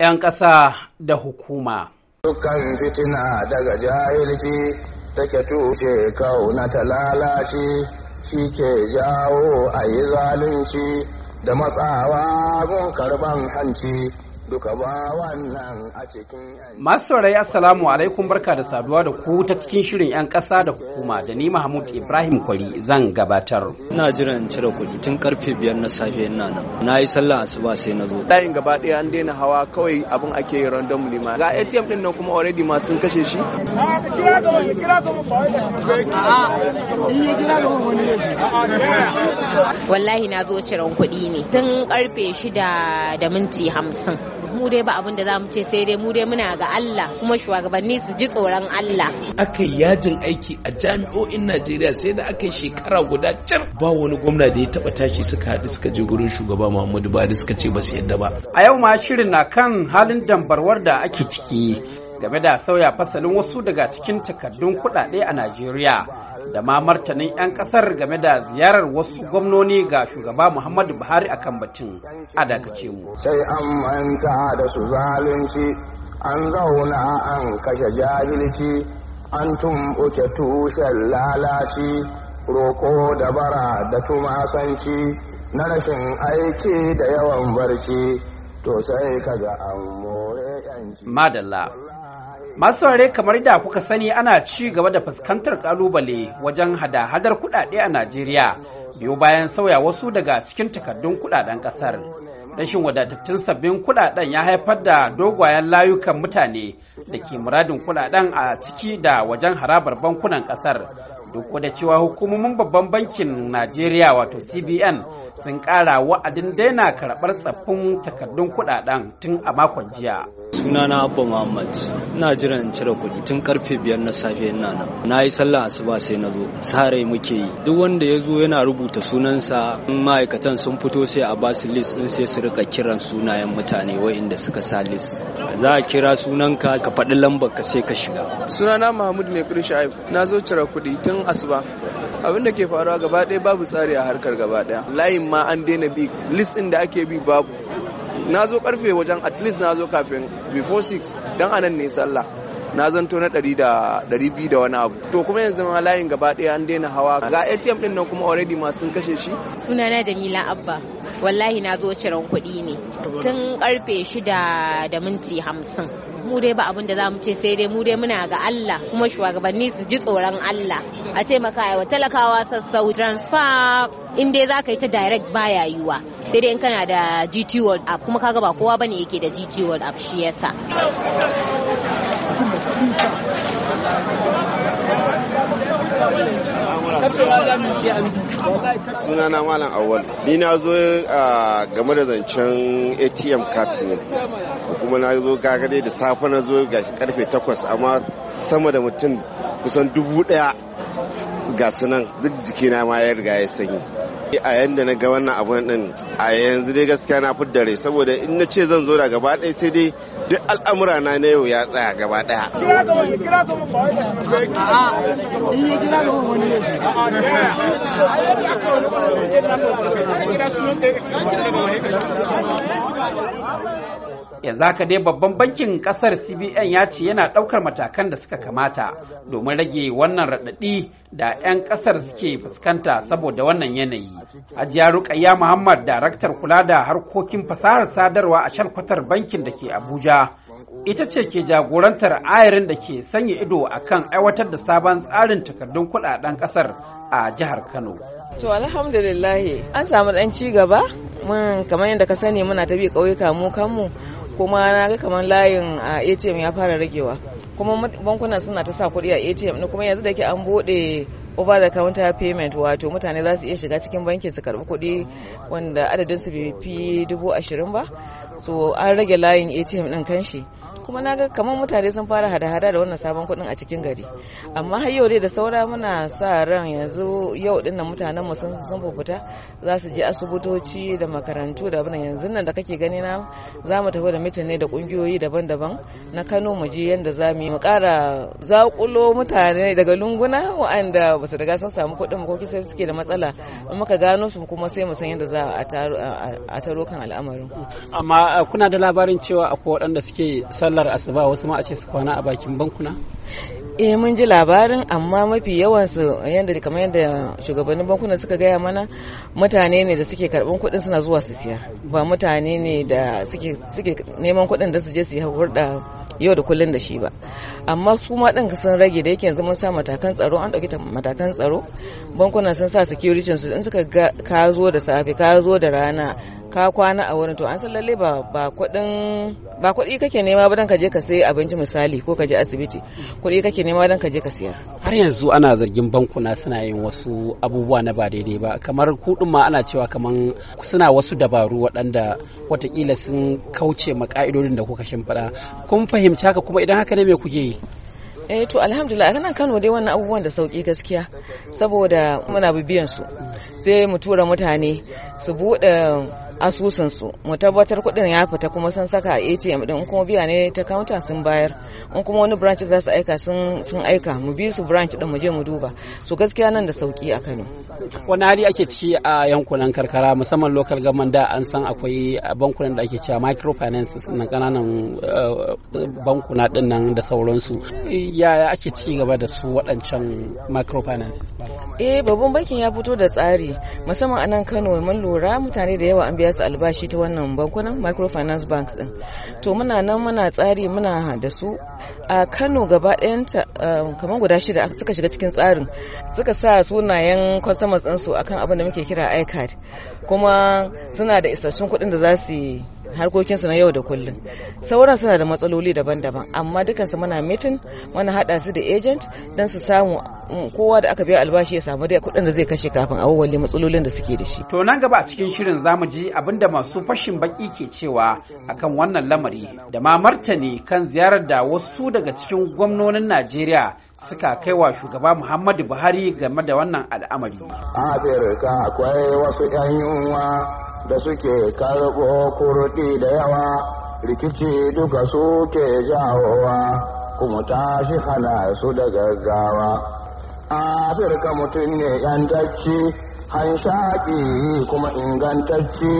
'yan ƙasa da hukuma. Dukkan fitina daga jahilci take tushe kauna ta lalace shi ke jawo a yi zalunci da matsawa gun karban hanci. duka ba wannan a cikin Masu saurayi assalamu alaikum barka da saduwa da ku ta cikin shirin 'yan ƙasa da hukuma da ni Mahmud Ibrahim Kwari zan gabatar. Ina jiran cire kuɗi tun karfe biyar na safe ina nan. Na yi sallah asuba sai na zo. dayin gaba ɗaya an daina hawa kawai abin ake yi random lima. Ga ATM ɗin nan kuma already ma sun kashe shi. Wallahi na zo ciran kuɗi ne tun karfe shida da minti hamsin. mu dai ba abin da za mu ce sai dai mu dai muna ga Allah kuma shugabanni su ji tsoron Allah aka yi yajin aiki a jami'o'in Najeriya sai da aka yi shekara guda can ba wani gwamna da ya taba tashi suka haɗu suka je gurin shugaba Muhammadu Buhari suka ce ba su yadda ba a yau ma shirin na kan halin dambarwar da ake ciki game da sauya fasalin wasu daga cikin takardun kuɗaɗe a Najeriya da ma martanin 'yan ƙasar game da ziyarar wasu gwamnoni ga shugaba Muhammadu Buhari a kan batun a dakace mu. Sai an manta da su zalunci, an zauna an kashe jahilci, an tumɓuke tushen lalaci, roko da bara da tumasanci, na rashin aiki da yawan barci, to sai kaga an more Madalla. Masu saurare kamar da kuka sani ana ci gaba da fuskantar kalubale wajen hada-hadar kudade a Najeriya biyo bayan sauya wasu daga cikin takardun kudaden kasar. Rashin wadatattun sabbin kudaden ya haifar da dogwayen layukan mutane da ke muradin kudaden a ciki da wajen harabar bankunan kasar. Duk da cewa hukumomin babban bankin Najeriya wato CBN sun ƙara wa'adin daina karɓar tsaffin takardun kudaden tun a makon jiya. sunana abba muhammad na jiran cire kuɗi tun karfe biyar na safe na nan na yi sallah asuba sai na zo sare muke yi duk wanda ya zo yana rubuta sunansa in ma'aikatan sun fito sai a basu list in sai su rika kiran sunayen mutane wa'inda suka sa list za a kira sunanka ka faɗi lambar ka sai ka shiga sunana mahmud mai kudin sha'ib na zo cire kuɗi tun asuba abin da ke faruwa gaba ɗaya babu tsari a harkar gaba ɗaya layin ma an daina bi list ɗin da ake bi babu na zo karfe wajen at least na zo kafin before 6 dan anan ne sallah na zanto na ɗari da wani abu to kuma yanzu ma layin gaba ɗaya an daina hawa ga atm ɗin nan kuma already ma sun kashe shi sunana jamila abba wallahi na zo ciran kuɗi ne tun karfe shida da minti hamsin mu dai ba abin da za ce sai dai mu dai muna ga Allah kuma shugabanni su ji tsoron Allah a taimaka wa talakawa sassau transfer in dai za ka yi ta direct baya yiwa sai dai in kana da GT World app kuma kaga ba kowa bane yake da GT World app shi yasa sunana malam awal ni na zo a game da zancen atm card ne kuma na zo gagade da safe na zo gashi karfe 8 amma sama da mutum kusan dubu daya ga sunan duk jikina ma ya riga ya sanyi a yanda na ga wannan abu din a yanzu dai gaskiya na fidda rai saboda in na ce zan zo da gaba ɗaya sai dai duk al'amura na na yau ya tsaya gaba ɗaya ya zaka dai babban bankin kasar cbn ya ce yana daukar matakan da suka kamata domin rage wannan raɗaɗi da 'yan kasar suke fuskanta saboda wannan yanayi hajiya rukayya muhammad daraktar kula da harkokin fasahar sadarwa a shalkwatar bankin da ke abuja ita ce ke jagorantar ayarin da ke sanya ido akan aiwatar da sabon tsarin takardun kudaden kasar a jihar kano to alhamdulillah an samu ɗan ci gaba mun kamar yadda ka sani muna ta kauyuka mu kanmu kuma na ga kamar layin a atm ya fara ragewa kuma bankuna suna ta sa kuɗi a atm kuma yanzu da ke an buɗe over the counter payment wato mutane za su iya shiga cikin banki su karɓi kuɗi wanda adadin su bai fi dubu ashirin ba so an rage layin atm ɗin kanshi kuma na ga kamar mutane sun fara hada-hada da wannan sabon kuɗin a cikin gari amma har yau dai da saura muna sa ran yanzu yau din nan mutanen mu sun sun fufuta za su je asibitoci da makarantu da abin yanzu nan da kake gani na za mu tafi da mitin ne da kungiyoyi daban-daban na Kano mu je yanda za mu yi mu ƙara zaƙulo mutane daga lunguna waɗanda ba su riga sun samu kuɗin ko kisa suke da matsala in muka gano su kuma sai mu san yadda za a taro kan al'amarin amma kuna da labarin cewa akwai waɗanda suke sa sallar asuba wasu ma a ce su kwana a bakin bankuna eh mun ji labarin amma mafi yawansu yadda kamar yadda shugabannin bankuna suka gaya mana mutane ne da suke karban kuɗin suna zuwa su siya ba mutane ne da suke neman kuɗin da su je su yi hurɗa yau da kullun da shi ba amma su ma ɗin sun rage da yake yanzu mun sa matakan tsaro an ɗauki matakan tsaro bankuna sun sa security su in suka ga ka zo da safe ka zo da rana ka kwana a wurin to an san lalle ba ba kuɗin ba kuɗi kake nema ba dan ka je ka sayi abinci misali ko ka je asibiti kuɗi kake nema don ka je ka siyar har yanzu ana zargin bankuna suna yin wasu abubuwa na ba daidai ba kamar kudin ma ana cewa kamar suna wasu dabaru waɗanda watakila sun kauce ma ka'idodin da kuka shimfiɗa kun fahimci haka kuma idan haka ne me kuke yi eh to alhamdulillah a nan Kano dai wannan abubuwan da sauki gaskiya saboda muna bibiyan su sai mu tura mutane su buɗe. asusun su mu tabbatar kuɗin ya fita kuma sun saka atm ɗin kuma biya ne ta counter sun bayar in kuma wani branch za su aika sun aika mu bi su branch din mu je mu duba su gaskiya nan da sauki a kano wani hali ake ci a yankunan karkara musamman local government da an san akwai bankunan da ake cewa microfinance na kananan eh, bankuna din nan da sauransu yaya ake ci gaba da su waɗancan microfinance eh babban bankin ya fito da tsari musamman a nan kano mun lura mutane da yawa an biya biya albashi ta wannan bankunan microfinance banks din to muna nan muna tsari muna da su a kano gaba ɗayanta um, kamar guda shida suka shiga cikin tsarin suka sa sunayen customers su akan abin da muke kira icard kuma suna da isassun kuɗin da za su yi harkokinsu na yau da kullum sauran suna da matsaloli daban-daban amma dukansu muna mitin muna haɗa su da agent don su samu Mm, kowa da aka biya albashi ya samu dai kuɗin da zai kashe kafin a wawalle matsalolin da suke da shi. To nan gaba a cikin shirin zamu ji abinda masu fashin baki ke cewa akan wannan lamari da ma martani kan ziyarar da wasu daga cikin gwamnonin Najeriya suka kai wa shugaba Muhammadu Buhari game da wannan al'amari. Afirka akwai wasu 'yan yunwa da suke karɓo kurɗi da yawa rikici duka suke jawowa kuma tashi hana su da gaggawa. afirka mutum ne yantacce hanshaƙi kuma ingantacce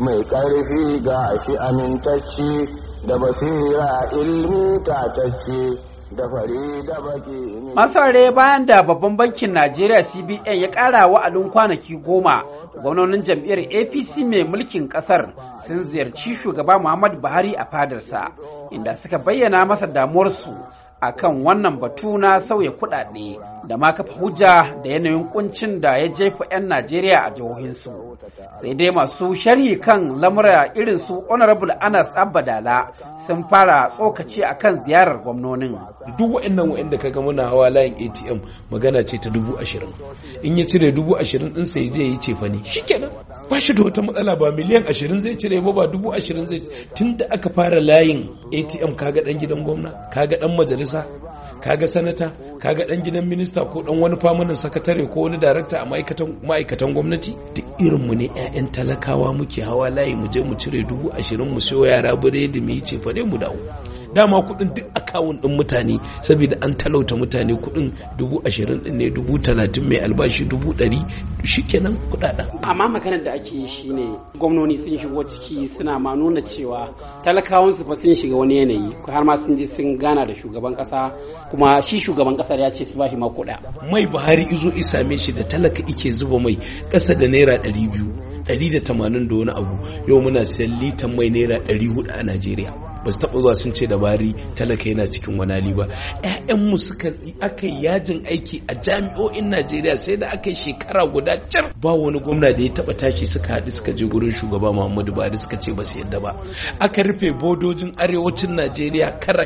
mai ƙarfi ga shi amintacce da basira ilmi tatacce da fari da baki masarare bayan da babban bankin najeriya cbn ya ƙara wa'adin kwanaki goma gwamnonin jam'iyyar apc mai mulkin ƙasar sun ziyarci shugaba Muhammadu buhari a fadarsa inda suka bayyana masa damuwarsu Akan wannan batu na sauya kuɗaɗe da ma kafa hujja da yanayin kuncin da ya jefa 'yan Najeriya a jihohinsu. Sai dai masu sharhi kan lamura irin su Honorable Anas Abadala sun fara tsokaci a kan ziyarar gwamnonin. Duk wa'annan wa'anda ka ga muna hawa layin ATM magana ce ta dubu ashirin. In ya cire dubu ashirin ɗinsa ya je ya yi cefane, shi kenan. ba shi da wata matsala ba miliyan ashirin zai cire ba ba dubu ashirin zai tun da aka fara layin atm kaga dan gidan gwamna kaga dan majalisa kaga sanata kaga dan gidan minista ko dan wani famanin sakatare ko wani darakta a ma'aikatan gwamnati duk irin mu ne 'ya'yan talakawa muke hawa layi mu je mu cire dubu ashirin mu siyo yara biredi mu yi cefane mu dawo dama kuɗin duk akawun ɗin mutane saboda an talauta mutane kuɗin dubu ashirin ɗin ne dubu talatin mai albashi dubu ɗari shikenan kuɗaɗen. amma maganar da ake yi ne gwamnoni sun shigo ciki suna ma nuna cewa talakawansu fa sun shiga wani yanayi har ma sun je sun gana da shugaban kasa kuma shi shugaban ƙasar ya ce su ba bashi ma kuɗa. mai buhari izo isame shi da talaka ike zuba mai kasa da naira ɗari biyu ɗari da tamanin da wani abu yau muna sayan litan mai naira ɗari hudu a najeriya ba su taɓa zuwa sun ce dabari talaka yana cikin wani hali ba ƴaƴanmu suka aka yajin aiki a jami'o'in najeriya sai da aka yi shekara guda car ba wani gwamna da ya taɓa tashi suka haɗu suka je gurin shugaba muhammadu buhari suka ce ba su yadda ba aka rufe bodojin arewacin najeriya kara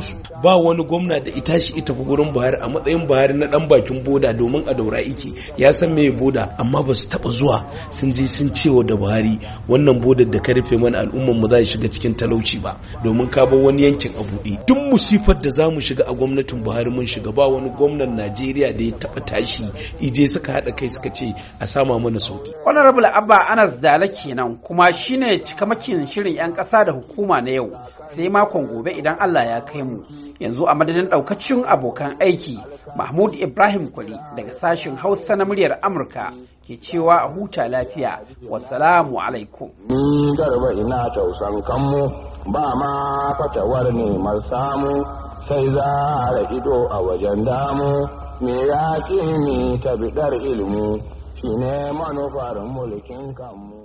su ba wani gwamna da ita shi ita fi gurin buhari a matsayin buhari na ɗan bakin boda domin a daura iki ya san me boda amma ba su taɓa zuwa sun je sun cewa da buhari wannan bodar da ka rufe mana al'ummar mu za shiga cikin talauci ba domin ka bar wani yankin a buɗe duk musifar da za mu shiga a gwamnatin buhari mun shiga ba wani gwamnan najeriya da ya taɓa tashi ije suka haɗa kai suka ce a sama mana sauki honorable abba anas dala kenan kuma shine cikamakin shirin 'yan ƙasa da hukuma na yau sai makon gobe idan allah ya kai mu yanzu a madadin ɗaukacin abokan aiki mahmud ibrahim kwali daga sashen hausa na muryar amurka ke cewa a huta lafiya wasalamu alaikum ni mm, ina kanmu ba ma fatawar neman samu sai za a ido a wajen damu me ya ce ni ta bidar ilimi ne manufar mulkin kanmu